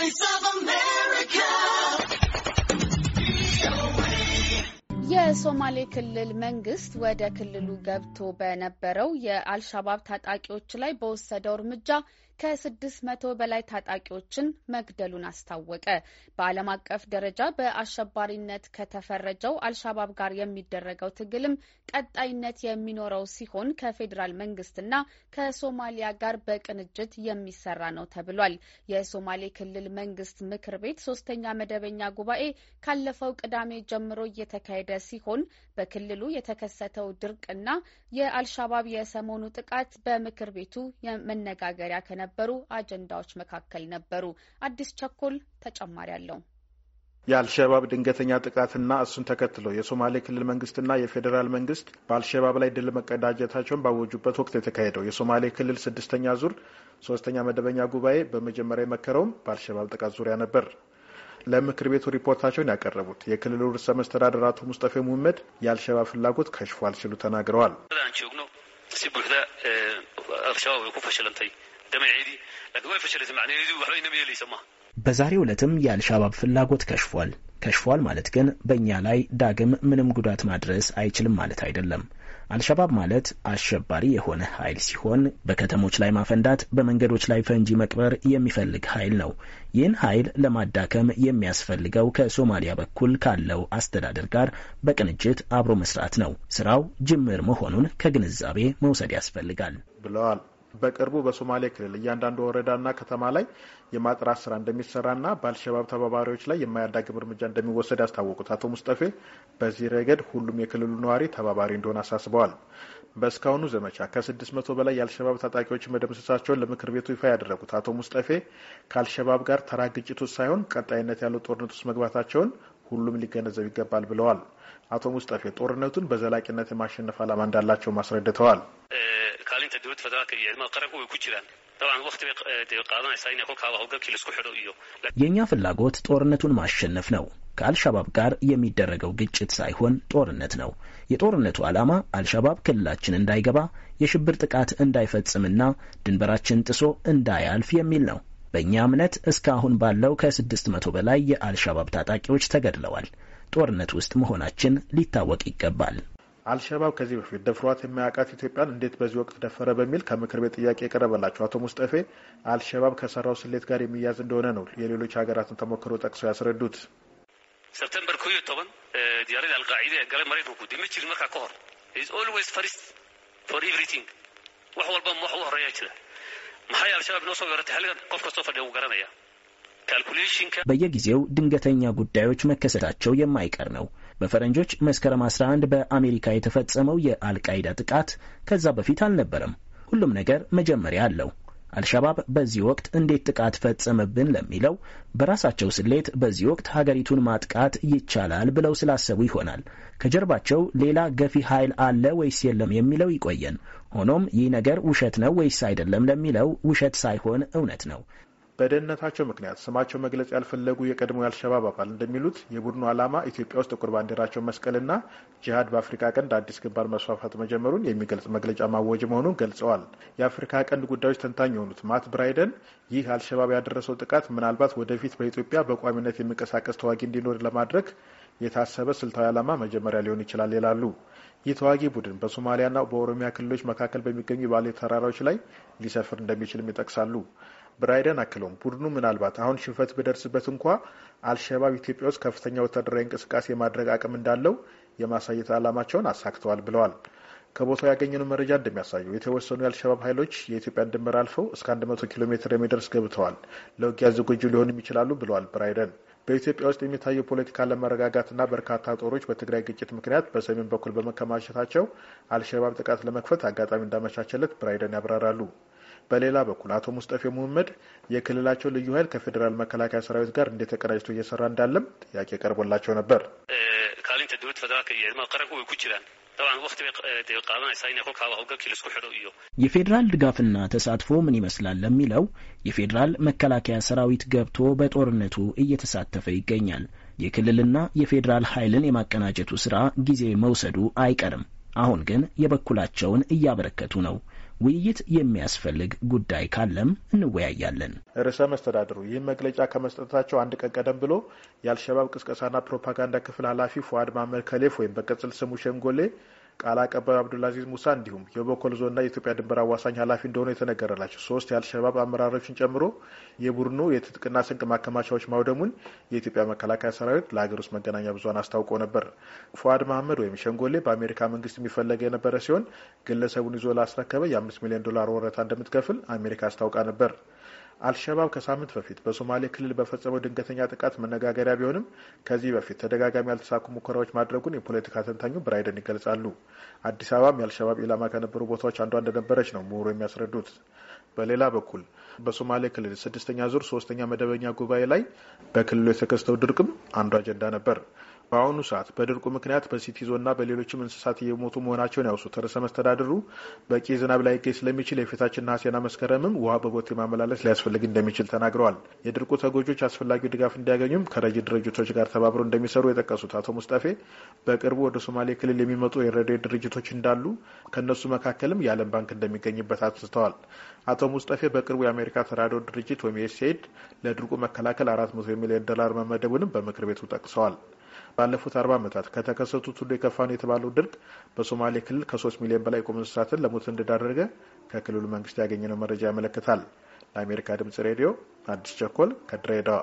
Voice of America የሶማሌ ክልል መንግስት ወደ ክልሉ ገብቶ በነበረው የአልሻባብ ታጣቂዎች ላይ በወሰደው እርምጃ ከስድስት መቶ በላይ ታጣቂዎችን መግደሉን አስታወቀ። በዓለም አቀፍ ደረጃ በአሸባሪነት ከተፈረጀው አልሻባብ ጋር የሚደረገው ትግልም ቀጣይነት የሚኖረው ሲሆን ከፌዴራል መንግስትና ከሶማሊያ ጋር በቅንጅት የሚሰራ ነው ተብሏል። የሶማሌ ክልል መንግስት ምክር ቤት ሶስተኛ መደበኛ ጉባኤ ካለፈው ቅዳሜ ጀምሮ እየተካሄደ ሲ ሲሆን በክልሉ የተከሰተው ድርቅና የአልሻባብ የሰሞኑ ጥቃት በምክር ቤቱ መነጋገሪያ ከነበሩ አጀንዳዎች መካከል ነበሩ። አዲስ ቸኮል ተጨማሪ አለው። የአልሸባብ ድንገተኛ ጥቃትና እሱን ተከትሎ የሶማሌ ክልል መንግስትና የፌዴራል መንግስት በአልሸባብ ላይ ድል መቀዳጀታቸውን ባወጁበት ወቅት የተካሄደው የሶማሌ ክልል ስድስተኛ ዙር ሶስተኛ መደበኛ ጉባኤ በመጀመሪያ የመከረውም በአልሸባብ ጥቃት ዙሪያ ነበር። ለምክር ቤቱ ሪፖርታቸውን ያቀረቡት የክልሉ ርዕሰ መስተዳደር አቶ ሙስጠፌ ሙህመድ የአልሸባብ ፍላጎት ከሽፏል ሲሉ ተናግረዋል። በዛሬው ዕለትም የአልሻባብ ፍላጎት ከሽፏል። ከሽፏል ማለት ግን በእኛ ላይ ዳግም ምንም ጉዳት ማድረስ አይችልም ማለት አይደለም። አልሸባብ ማለት አሸባሪ የሆነ ኃይል ሲሆን በከተሞች ላይ ማፈንዳት፣ በመንገዶች ላይ ፈንጂ መቅበር የሚፈልግ ኃይል ነው። ይህን ኃይል ለማዳከም የሚያስፈልገው ከሶማሊያ በኩል ካለው አስተዳደር ጋር በቅንጅት አብሮ መስራት ነው። ስራው ጅምር መሆኑን ከግንዛቤ መውሰድ ያስፈልጋል ብለዋል። በቅርቡ በሶማሌ ክልል እያንዳንዱ ወረዳና ከተማ ላይ የማጥራት ስራ እንደሚሰራና በአልሸባብ ተባባሪዎች ላይ የማያዳግም እርምጃ እንደሚወሰድ ያስታወቁት አቶ ሙስጠፌ በዚህ ረገድ ሁሉም የክልሉ ነዋሪ ተባባሪ እንደሆነ አሳስበዋል። በእስካሁኑ ዘመቻ ከስድስት መቶ በላይ የአልሸባብ ታጣቂዎች መደምሰሳቸውን ለምክር ቤቱ ይፋ ያደረጉት አቶ ሙስጠፌ ከአልሸባብ ጋር ተራ ግጭት ውስጥ ሳይሆን ቀጣይነት ያለው ጦርነት ውስጥ መግባታቸውን ሁሉም ሊገነዘብ ይገባል ብለዋል። አቶ ሙስጠፌ ጦርነቱን በዘላቂነት የማሸነፍ ዓላማ እንዳላቸው ማስረድተዋል። maanta dowlad federaalka iyo ciidamada qaranku way ku jiraan dabcan wakti bay qaadanaysaa inay howlgalkii laisku iyo የእኛ ፍላጎት ጦርነቱን ማሸነፍ ነው። ከአልሻባብ ጋር የሚደረገው ግጭት ሳይሆን ጦርነት ነው። የጦርነቱ ዓላማ አልሻባብ ክልላችን እንዳይገባ፣ የሽብር ጥቃት እንዳይፈጽምና ድንበራችን ጥሶ እንዳያልፍ የሚል ነው። በእኛ እምነት እስካሁን ባለው ከስድስት መቶ በላይ የአልሻባብ ታጣቂዎች ተገድለዋል። ጦርነት ውስጥ መሆናችን ሊታወቅ ይገባል። አልሸባብ ከዚህ በፊት ደፍሯት የማያውቃት ኢትዮጵያን እንዴት በዚህ ወቅት ደፈረ በሚል ከምክር ቤት ጥያቄ የቀረበላቸው አቶ ሙስጠፌ አልሸባብ ከሰራው ስሌት ጋር የሚያዝ እንደሆነ ነው የሌሎች ሀገራትን ተሞክሮ ጠቅሰው ያስረዱት። ሰብተምበር ቶበን አልቃዒዳ መሬት ድምችል መርካ ከሆር ኢዝ ኦልዌይስ ፈርስት ፎር ኤቭሪቲንግ ዋሕ ወልባ ወረያ ይችላል አልሸባብ ሕልገን ቆፍ ፈደው በየጊዜው ድንገተኛ ጉዳዮች መከሰታቸው የማይቀር ነው። በፈረንጆች መስከረም 11 በአሜሪካ የተፈጸመው የአልቃይዳ ጥቃት ከዛ በፊት አልነበረም። ሁሉም ነገር መጀመሪያ አለው። አልሸባብ በዚህ ወቅት እንዴት ጥቃት ፈጸመብን ለሚለው በራሳቸው ስሌት በዚህ ወቅት ሀገሪቱን ማጥቃት ይቻላል ብለው ስላሰቡ ይሆናል። ከጀርባቸው ሌላ ገፊ ኃይል አለ ወይስ የለም የሚለው ይቆየን። ሆኖም ይህ ነገር ውሸት ነው ወይስ አይደለም ለሚለው ውሸት ሳይሆን እውነት ነው። በደህንነታቸው ምክንያት ስማቸው መግለጽ ያልፈለጉ የቀድሞ የአልሸባብ አባል እንደሚሉት የቡድኑ ዓላማ ኢትዮጵያ ውስጥ ጥቁር ባንዲራቸው መስቀልና ጂሃድ በአፍሪካ ቀንድ አዲስ ግንባር መስፋፋት መጀመሩን የሚገልጽ መግለጫ ማወጅ መሆኑን ገልጸዋል። የአፍሪካ ቀንድ ጉዳዮች ተንታኝ የሆኑት ማት ብራይደን ይህ አልሸባብ ያደረሰው ጥቃት ምናልባት ወደፊት በኢትዮጵያ በቋሚነት የሚንቀሳቀስ ተዋጊ እንዲኖር ለማድረግ የታሰበ ስልታዊ ዓላማ መጀመሪያ ሊሆን ይችላል ይላሉ። ይህ ተዋጊ ቡድን በሶማሊያና በኦሮሚያ ክልሎች መካከል በሚገኙ የባሌ ተራራዎች ላይ ሊሰፍር እንደሚችልም ይጠቅሳሉ። ብራይደን አክለውም ቡድኑ ምናልባት አሁን ሽንፈት ቢደርስበት እንኳ አልሸባብ ኢትዮጵያ ውስጥ ከፍተኛ ወታደራዊ እንቅስቃሴ የማድረግ አቅም እንዳለው የማሳየት ዓላማቸውን አሳክተዋል ብለዋል። ከቦታው ያገኘነው መረጃ እንደሚያሳየው የተወሰኑ የአልሸባብ ኃይሎች የኢትዮጵያን ድንበር አልፈው እስከ 100 ኪሎ ሜትር የሚደርስ ገብተዋል፣ ለውጊያ ዝግጁ ሊሆኑም ይችላሉ ብለዋል ብራይደን። በኢትዮጵያ ውስጥ የሚታየው ፖለቲካ ና በርካታ ጦሮች በትግራይ ግጭት ምክንያት በሰሜን በኩል በመከማቸታቸው አልሸባብ ጥቃት ለመክፈት አጋጣሚ እንዳመቻቸለት ብራይደን ያብራራሉ። በሌላ በኩል አቶ ሙስጠፌ ሙህመድ የክልላቸው ልዩ ኃይል ከፌዴራል መከላከያ ሰራዊት ጋር እንዴት ተቀናጅቶ እየሰራ እንዳለም ጥያቄ ቀርቦላቸው ነበር። የፌዴራል ድጋፍና ተሳትፎ ምን ይመስላል ለሚለው የፌዴራል መከላከያ ሰራዊት ገብቶ በጦርነቱ እየተሳተፈ ይገኛል። የክልልና የፌዴራል ኃይልን የማቀናጀቱ ስራ ጊዜ መውሰዱ አይቀርም። አሁን ግን የበኩላቸውን እያበረከቱ ነው። ውይይት የሚያስፈልግ ጉዳይ ካለም እንወያያለን። ርዕሰ መስተዳድሩ ይህን መግለጫ ከመስጠታቸው አንድ ቀን ቀደም ብሎ የአልሸባብ ቅስቀሳና ፕሮፓጋንዳ ክፍል ኃላፊ ፉአድ ማመድ ከሌፍ ወይም በቅጽል ስሙ ሸንጎሌ ቃል አቀባዩ አብዱልአዚዝ ሙሳ እንዲሁም የበኮል ዞንና የኢትዮጵያ ድንበር አዋሳኝ ኃላፊ እንደሆነ የተነገረላቸው ሶስት የአልሸባብ አመራሮችን ጨምሮ የቡድኑ የትጥቅና ስንቅ ማከማቻዎች ማውደሙን የኢትዮጵያ መከላከያ ሰራዊት ለሀገር ውስጥ መገናኛ ብዙን አስታውቆ ነበር። ፉአድ መሀመድ ወይም ሸንጎሌ በአሜሪካ መንግስት የሚፈለገ የነበረ ሲሆን ግለሰቡን ይዞ ላስረከበ የአምስት ሚሊዮን ዶላር ወረታ እንደምትከፍል አሜሪካ አስታውቃ ነበር። አልሸባብ ከሳምንት በፊት በሶማሌ ክልል በፈጸመው ድንገተኛ ጥቃት መነጋገሪያ ቢሆንም ከዚህ በፊት ተደጋጋሚ ያልተሳኩ ሙከራዎች ማድረጉን የፖለቲካ ተንታኙ ብራይደን ይገልጻሉ። አዲስ አበባም የአልሸባብ ኢላማ ከነበሩ ቦታዎች አንዷ እንደነበረች ነው ምሁሩ የሚያስረዱት። በሌላ በኩል በሶማሌ ክልል ስድስተኛ ዙር ሶስተኛ መደበኛ ጉባኤ ላይ በክልሉ የተከስተው ድርቅም አንዱ አጀንዳ ነበር። በአሁኑ ሰዓት በድርቁ ምክንያት በሲቲዞና በሌሎችም እንስሳት እየሞቱ መሆናቸውን ያውሱት ርዕሰ መስተዳድሩ በቂ ዝናብ ላይገኝ ስለሚችል የፊታችን ነሐሴና መስከረምም ውሃ በቦቴ ማመላለስ ሊያስፈልግ እንደሚችል ተናግረዋል። የድርቁ ተጎጆች አስፈላጊው ድጋፍ እንዲያገኙም ከረጅ ድርጅቶች ጋር ተባብሮ እንደሚሰሩ የጠቀሱት አቶ ሙስጠፌ በቅርቡ ወደ ሶማሌ ክልል የሚመጡ የረድኤት ድርጅቶች እንዳሉ ከእነሱ መካከልም የዓለም ባንክ እንደሚገኝበት አብስተዋል። አቶ ሙስጠፌ በቅርቡ የአሜሪካ ተራድኦ ድርጅት ወይም ዩኤስኤድ ለድርቁ መከላከል አራት መቶ ሚሊዮን ዶላር መመደቡንም በምክር ቤቱ ጠቅሰዋል። ባለፉት አርባ ዓመታት ከተከሰቱት ሁሉ የከፋ ነው የተባለው ድርቅ በሶማሌ ክልል ከሶስት ሚሊዮን በላይ የቁም እንስሳትን ለሞት እንደዳረገ ከክልሉ መንግስት ያገኘነው መረጃ ያመለክታል። ለአሜሪካ ድምጽ ሬዲዮ አዲስ ቸኮል ከድሬዳዋ